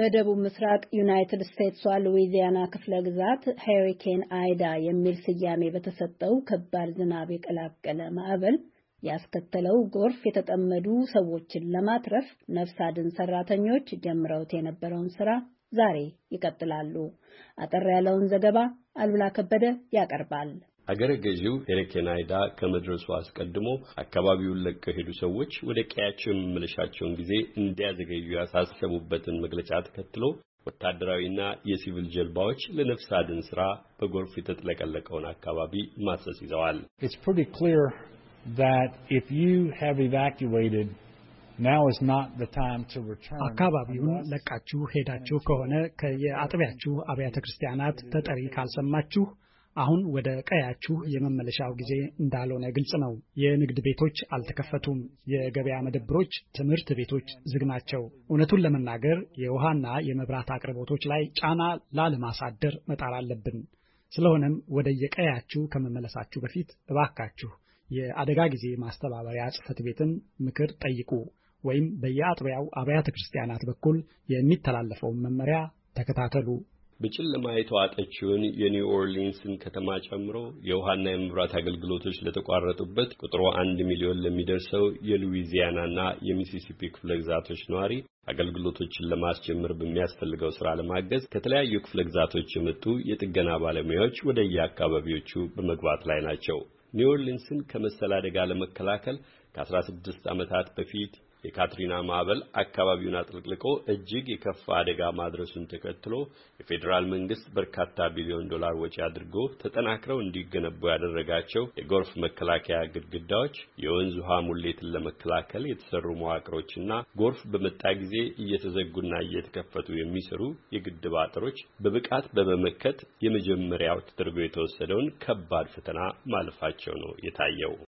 በደቡብ ምስራቅ ዩናይትድ ስቴትሷ ሉዊዚያና ክፍለ ግዛት ሄሪኬን አይዳ የሚል ስያሜ በተሰጠው ከባድ ዝናብ የቀላቀለ ማዕበል ያስከተለው ጎርፍ የተጠመዱ ሰዎችን ለማትረፍ ነፍስ አድን ሰራተኞች ጀምረውት የነበረውን ስራ ዛሬ ይቀጥላሉ። አጠር ያለውን ዘገባ አሉላ ከበደ ያቀርባል። አገረ ገዢው ሄረኬናይዳ ከመድረሱ አስቀድሞ አካባቢውን ለቀው ሄዱ ሰዎች ወደ ቀያቸው የመመለሻቸውን ጊዜ እንዲያዘገዩ ያሳሰቡበትን መግለጫ ተከትሎ ወታደራዊና የሲቪል ጀልባዎች ለነፍስ አድን ስራ በጎርፍ የተጥለቀለቀውን አካባቢ ማሰስ ይዘዋል። አካባቢውን ለቃችሁ ሄዳችሁ ከሆነ ከየአጥቢያችሁ አብያተ ክርስቲያናት ተጠሪ ካልሰማችሁ አሁን ወደ ቀያችሁ የመመለሻው ጊዜ እንዳልሆነ ግልጽ ነው። የንግድ ቤቶች አልተከፈቱም። የገበያ መደብሮች፣ ትምህርት ቤቶች ዝግ ናቸው። እውነቱን ለመናገር የውሃና የመብራት አቅርቦቶች ላይ ጫና ላለማሳደር መጣር አለብን። ስለሆነም ወደ የቀያችሁ ከመመለሳችሁ በፊት እባካችሁ የአደጋ ጊዜ ማስተባበሪያ ጽሕፈት ቤትን ምክር ጠይቁ ወይም በየአጥቢያው አብያተ ክርስቲያናት በኩል የሚተላለፈውን መመሪያ ተከታተሉ። በጨለማ የተዋጠችውን የኒው ኦርሊንስን ከተማ ጨምሮ የውሃና የመብራት አገልግሎቶች ለተቋረጡበት ቁጥሩ አንድ ሚሊዮን ለሚደርሰው የሉዊዚያናና የሚሲሲፒ ክፍለ ግዛቶች ነዋሪ አገልግሎቶችን ለማስጀመር በሚያስፈልገው ስራ ለማገዝ ከተለያዩ ክፍለ ግዛቶች የመጡ የጥገና ባለሙያዎች ወደ የአካባቢዎቹ በመግባት ላይ ናቸው። ኒው ኦርሊንስን ከመሰል አደጋ ለመከላከል ከ16 ዓመታት በፊት የካትሪና ማዕበል አካባቢውን አጥልቅልቆ እጅግ የከፋ አደጋ ማድረሱን ተከትሎ የፌዴራል መንግስት በርካታ ቢሊዮን ዶላር ወጪ አድርጎ ተጠናክረው እንዲገነቡ ያደረጋቸው የጎርፍ መከላከያ ግድግዳዎች፣ የወንዝ ውሃ ሙሌትን ለመከላከል የተሰሩ መዋቅሮችና ጎርፍ በመጣ ጊዜ እየተዘጉና እየተከፈቱ የሚሰሩ የግድብ አጥሮች በብቃት በመመከት የመጀመሪያው ተደርጎ የተወሰደውን ከባድ ፈተና ማለፋቸው ነው የታየው።